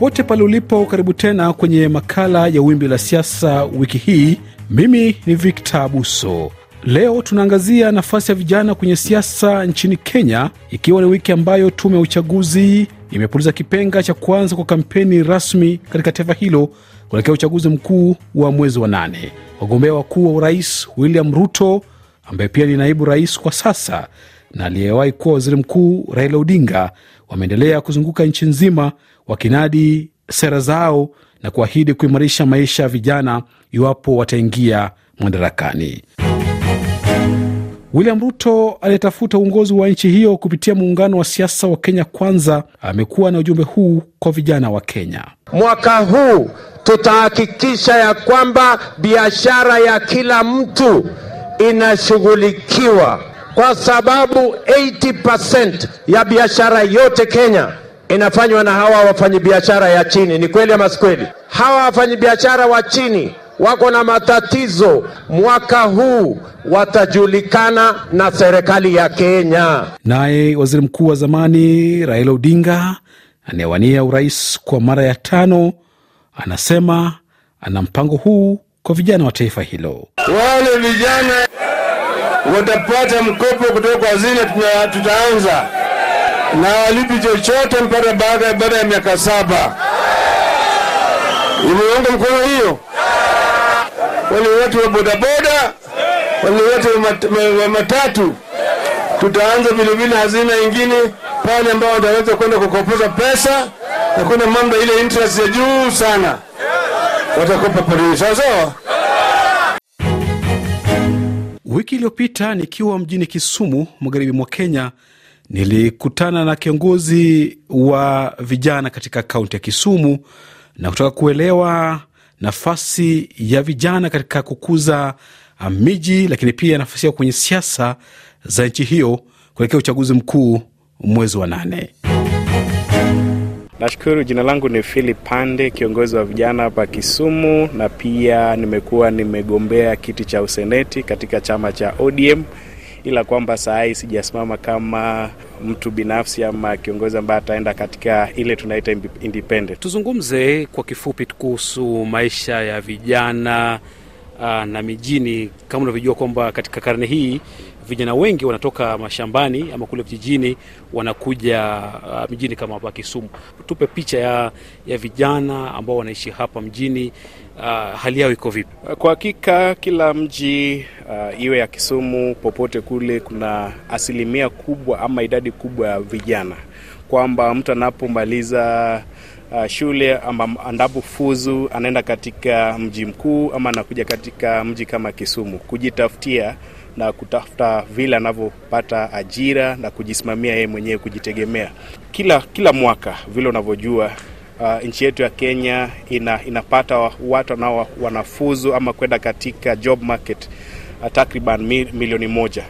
Popote pale ulipo, karibu tena kwenye makala ya Wimbi la Siasa wiki hii. Mimi ni Victor Abuso. Leo tunaangazia nafasi ya vijana kwenye siasa nchini Kenya, ikiwa ni wiki ambayo tume ya uchaguzi imepuliza kipenga cha kuanza kwa kampeni rasmi katika taifa hilo kuelekea uchaguzi mkuu wa mwezi wa nane. Wagombea wakuu wa urais William Ruto ambaye pia ni naibu rais kwa sasa na aliyewahi kuwa waziri mkuu Raila Odinga wameendelea kuzunguka nchi nzima wakinadi sera zao na kuahidi kuimarisha maisha ya vijana iwapo wataingia madarakani. William Ruto aliyetafuta uongozi wa nchi hiyo kupitia muungano wa siasa wa Kenya Kwanza amekuwa na ujumbe huu kwa vijana wa Kenya. Mwaka huu tutahakikisha ya kwamba biashara ya kila mtu inashughulikiwa kwa sababu 80% ya biashara yote Kenya inafanywa na hawa wafanyabiashara ya chini. Ni kweli ama si kweli? Hawa wafanyabiashara wa chini wako na matatizo. Mwaka huu watajulikana na serikali ya Kenya. Naye waziri mkuu wa zamani Raila Odinga anayewania urais kwa mara ya tano anasema ana mpango huu kwa vijana wa taifa hilo. Wale vijana watapata mkopo kutoka kwa hazina, tutaanza na walipi chochote mpaka baada baada ya miaka saba. Imeunga mkono hiyo wale wote wa bodaboda, wale wote wa matatu. Tutaanza vilevile hazina ingine pale ambao wataweza kwenda kukopoza pesa na kuna mambo ile interest ya juu sana, watakopa pale sawa sawa. Wiki iliyopita nikiwa mjini Kisumu, magharibi mwa Kenya, nilikutana na kiongozi wa vijana katika kaunti ya Kisumu na kutaka kuelewa nafasi ya vijana katika kukuza ah, miji, lakini pia nafasi yao kwenye siasa za nchi hiyo kuelekea uchaguzi mkuu mwezi wa nane. Nashukuru, jina langu ni Philip Pande, kiongozi wa vijana hapa Kisumu, na pia nimekuwa nimegombea kiti cha useneti katika chama cha ODM, ila kwamba saa hii sijasimama kama mtu binafsi ama kiongozi ambaye ataenda katika ile tunaita independent. Tuzungumze kwa kifupi kuhusu maisha ya vijana ah, na mijini. Kama unavyojua kwamba katika karne hii vijana wengi wanatoka mashambani ama kule vijijini wanakuja uh, mjini kama hapa Kisumu. Tupe picha ya, ya vijana ambao wanaishi hapa mjini uh, hali yao iko vipi? Kwa hakika kila mji uh, iwe ya Kisumu popote kule, kuna asilimia kubwa ama idadi kubwa ya vijana kwamba mtu anapomaliza Uh, shule ama fuzu anaenda katika mji mkuu ama anakuja katika mji kama Kisumu kujitafutia na kutafuta vile anavyopata ajira na kujisimamia yeye mwenyewe, kujitegemea. Kila kila mwaka vile unavyojua Uh, nchi yetu ya Kenya ina, inapata watu wanao wanafuzu ama kwenda katika job market uh, takriban milioni moja,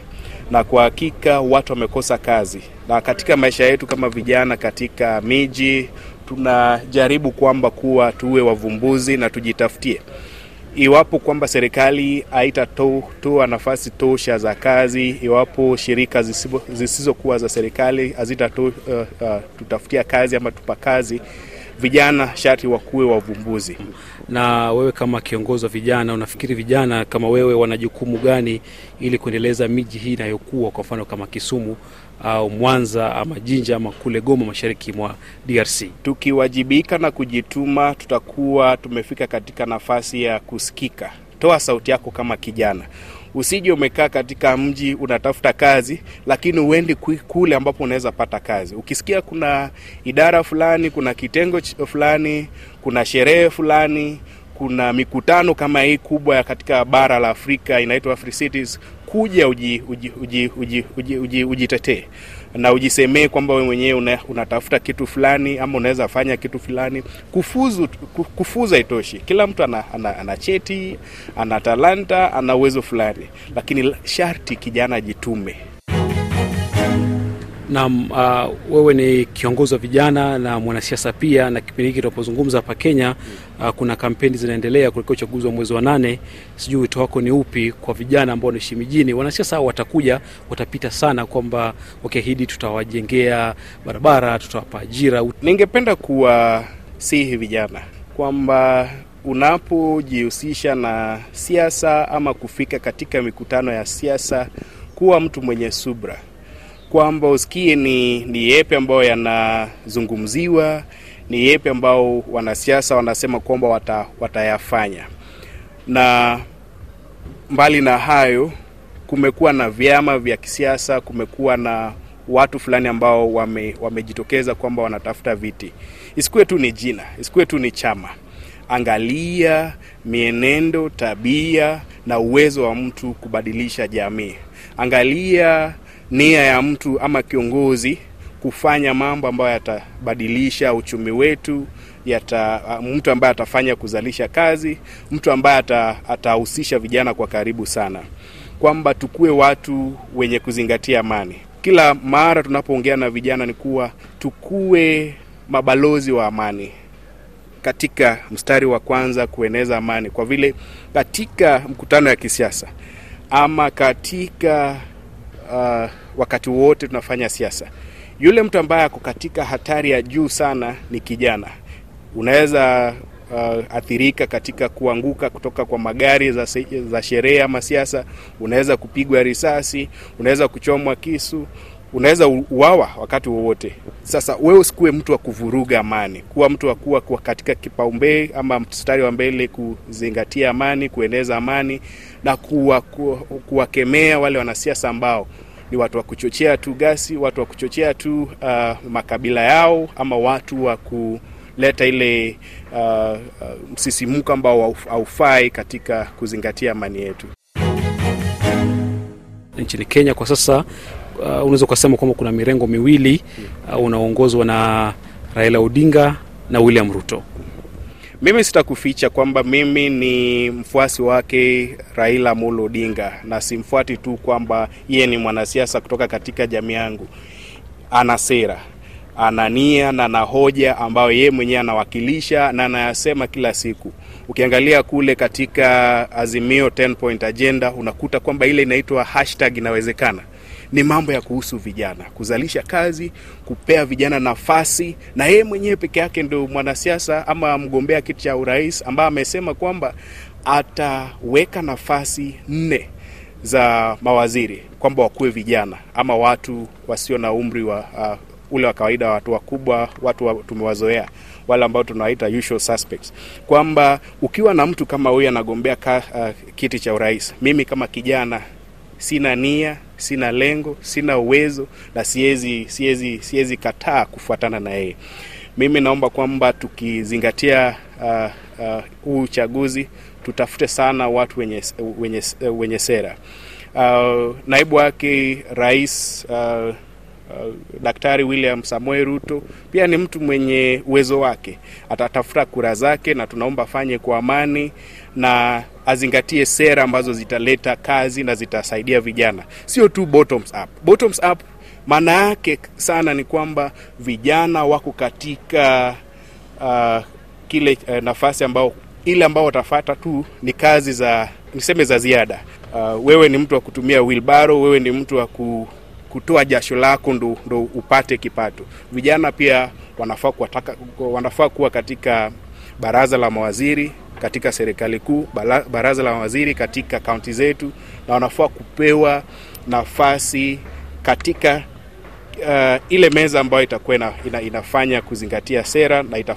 na kwa hakika watu wamekosa kazi, na katika maisha yetu kama vijana katika miji tunajaribu kwamba kuwa tuwe wavumbuzi na tujitafutie iwapo kwamba serikali haitatoa nafasi tosha za kazi, iwapo shirika zisizokuwa za serikali hazitatutafutia uh, uh, kazi ama tupa kazi vijana sharti wakuwe wavumbuzi. Na wewe kama kiongozi wa vijana, unafikiri vijana kama wewe wana jukumu gani ili kuendeleza miji hii inayokuwa, kwa mfano kama Kisumu au Mwanza ama Jinja ama kule Goma, mashariki mwa DRC. Tukiwajibika na kujituma, tutakuwa tumefika katika nafasi ya kusikika. Toa sauti yako kama kijana. Usije umekaa katika mji unatafuta kazi, lakini uendi kule ambapo unaweza pata kazi. Ukisikia kuna idara fulani, kuna kitengo fulani, kuna sherehe fulani kuna mikutano kama hii kubwa katika bara la Afrika inaitwa Cities, kuja ujitetee uji, uji, uji, uji, uji, uji na ujisemee kwamba we mwenyewe una, unatafuta kitu fulani ama unaweza fanya kitu fulani. Kufuzu, kufuza itoshi. Kila mtu ana, ana, ana cheti, ana talanta, ana uwezo fulani, lakini sharti kijana ajitume. Naam, uh, wewe ni kiongozi wa vijana na mwanasiasa pia, na kipindi hiki tunapozungumza hapa Kenya, uh, kuna kampeni zinaendelea kuelekea uchaguzi wa mwezi wa nane. Sijui wito wako ni upi kwa vijana ambao wanaishi mijini? Wanasiasa hao watakuja, watapita sana kwamba wakiahidi, tutawajengea barabara, tutawapa ajira. Ningependa kuwasihi vijana kwamba unapojihusisha na siasa ama kufika katika mikutano ya siasa, kuwa mtu mwenye subra kwamba usikie ni, ni yepe ambayo yanazungumziwa, ni yepe ambao wanasiasa wanasema kwamba wata, watayafanya. Na mbali na hayo, kumekuwa na vyama vya kisiasa, kumekuwa na watu fulani ambao wame, wamejitokeza kwamba wanatafuta viti. Isikuwe tu ni jina, isikuwe tu ni chama. Angalia mienendo, tabia na uwezo wa mtu kubadilisha jamii. Angalia nia ya mtu ama kiongozi kufanya mambo ambayo yatabadilisha uchumi wetu, yata uh, mtu ambaye atafanya kuzalisha kazi, mtu ambaye atahusisha vijana kwa karibu sana, kwamba tukue watu wenye kuzingatia amani. Kila mara tunapoongea na vijana ni kuwa tukue mabalozi wa amani katika mstari wa kwanza kueneza amani, kwa vile katika mkutano ya kisiasa ama katika uh, wakati wote tunafanya siasa. Yule mtu ambaye ako katika hatari ya juu sana ni kijana. Unaweza uh, athirika katika kuanguka kutoka kwa magari za, za sherehe ama siasa. Unaweza kupigwa risasi, unaweza kuchomwa kisu, unaweza uwawa wakati wowote. Sasa wewe usikuwe mtu wa kuvuruga amani, kuwa mtu wa kuwa katika kipaumbee ama mstari wa mbele kuzingatia amani, kueneza amani na kuwakemea kuwa wale wanasiasa ambao ni watu wa kuchochea tu gasi, watu wa kuchochea tu uh, makabila yao ama watu wa kuleta ile uh, uh, msisimuko ambao haufai katika kuzingatia amani yetu nchini Kenya kwa sasa. Uh, unaweza ukasema kwamba kuna mirengo miwili uh, unaongozwa na Raila Odinga na William Ruto. Mimi sitakuficha kwamba mimi ni mfuasi wake Raila Amolo Odinga, na simfuati tu kwamba yeye ni mwanasiasa kutoka katika jamii yangu. Ana sera, ana nia na ana hoja ambayo yeye mwenyewe anawakilisha na anayasema kila siku. Ukiangalia kule katika Azimio 10 point agenda unakuta kwamba ile inaitwa hashtag inawezekana ni mambo ya kuhusu vijana, kuzalisha kazi, kupea vijana nafasi. Na yeye mwenyewe peke yake ndio mwanasiasa ama mgombea kiti cha urais ambaye amesema kwamba ataweka nafasi nne za mawaziri kwamba wakuwe vijana ama watu wasio na umri wa uh, ule wa kawaida wa watu wakubwa, watu wa, tumewazoea wale ambao tunawaita usual suspects, kwamba ukiwa na mtu kama huyu anagombea uh, kiti cha urais, mimi kama kijana sina nia, sina lengo, sina uwezo na siwezi siwezi siwezi kataa kufuatana na yeye. Mimi naomba kwamba tukizingatia huu uh, uh, uchaguzi tutafute sana watu wenye, wenye, wenye sera. Uh, naibu wake rais uh, Uh, Daktari William Samuel Ruto pia ni mtu mwenye uwezo wake, atatafuta kura zake, na tunaomba afanye kwa amani na azingatie sera ambazo zitaleta kazi na zitasaidia vijana, sio tu bottoms up. Bottoms up maana yake sana ni kwamba vijana wako katika uh, kile uh, nafasi ambao ile ambao watafata tu ni kazi za niseme za ziada. Uh, wewe ni mtu wa kutumia wilbaro wewe ni mtu wa ku kutoa jasho lako ndo, ndo upate kipato. Vijana pia wanafaa kuwataka, wanafaa kuwa katika baraza la mawaziri katika serikali kuu, baraza la mawaziri katika kaunti zetu, na wanafaa kupewa nafasi katika uh, ile meza ambayo itakuwa ina, inafanya kuzingatia sera na ina,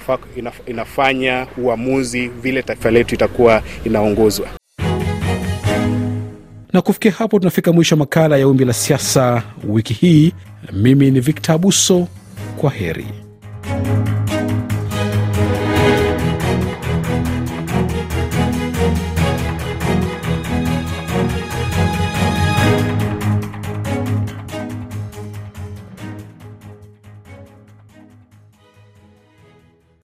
inafanya uamuzi vile taifa letu itakuwa inaongozwa. Na kufikia hapo, tunafika mwisho makala ya Wimbi la Siasa wiki hii. Mimi ni Victor Abuso, kwa heri.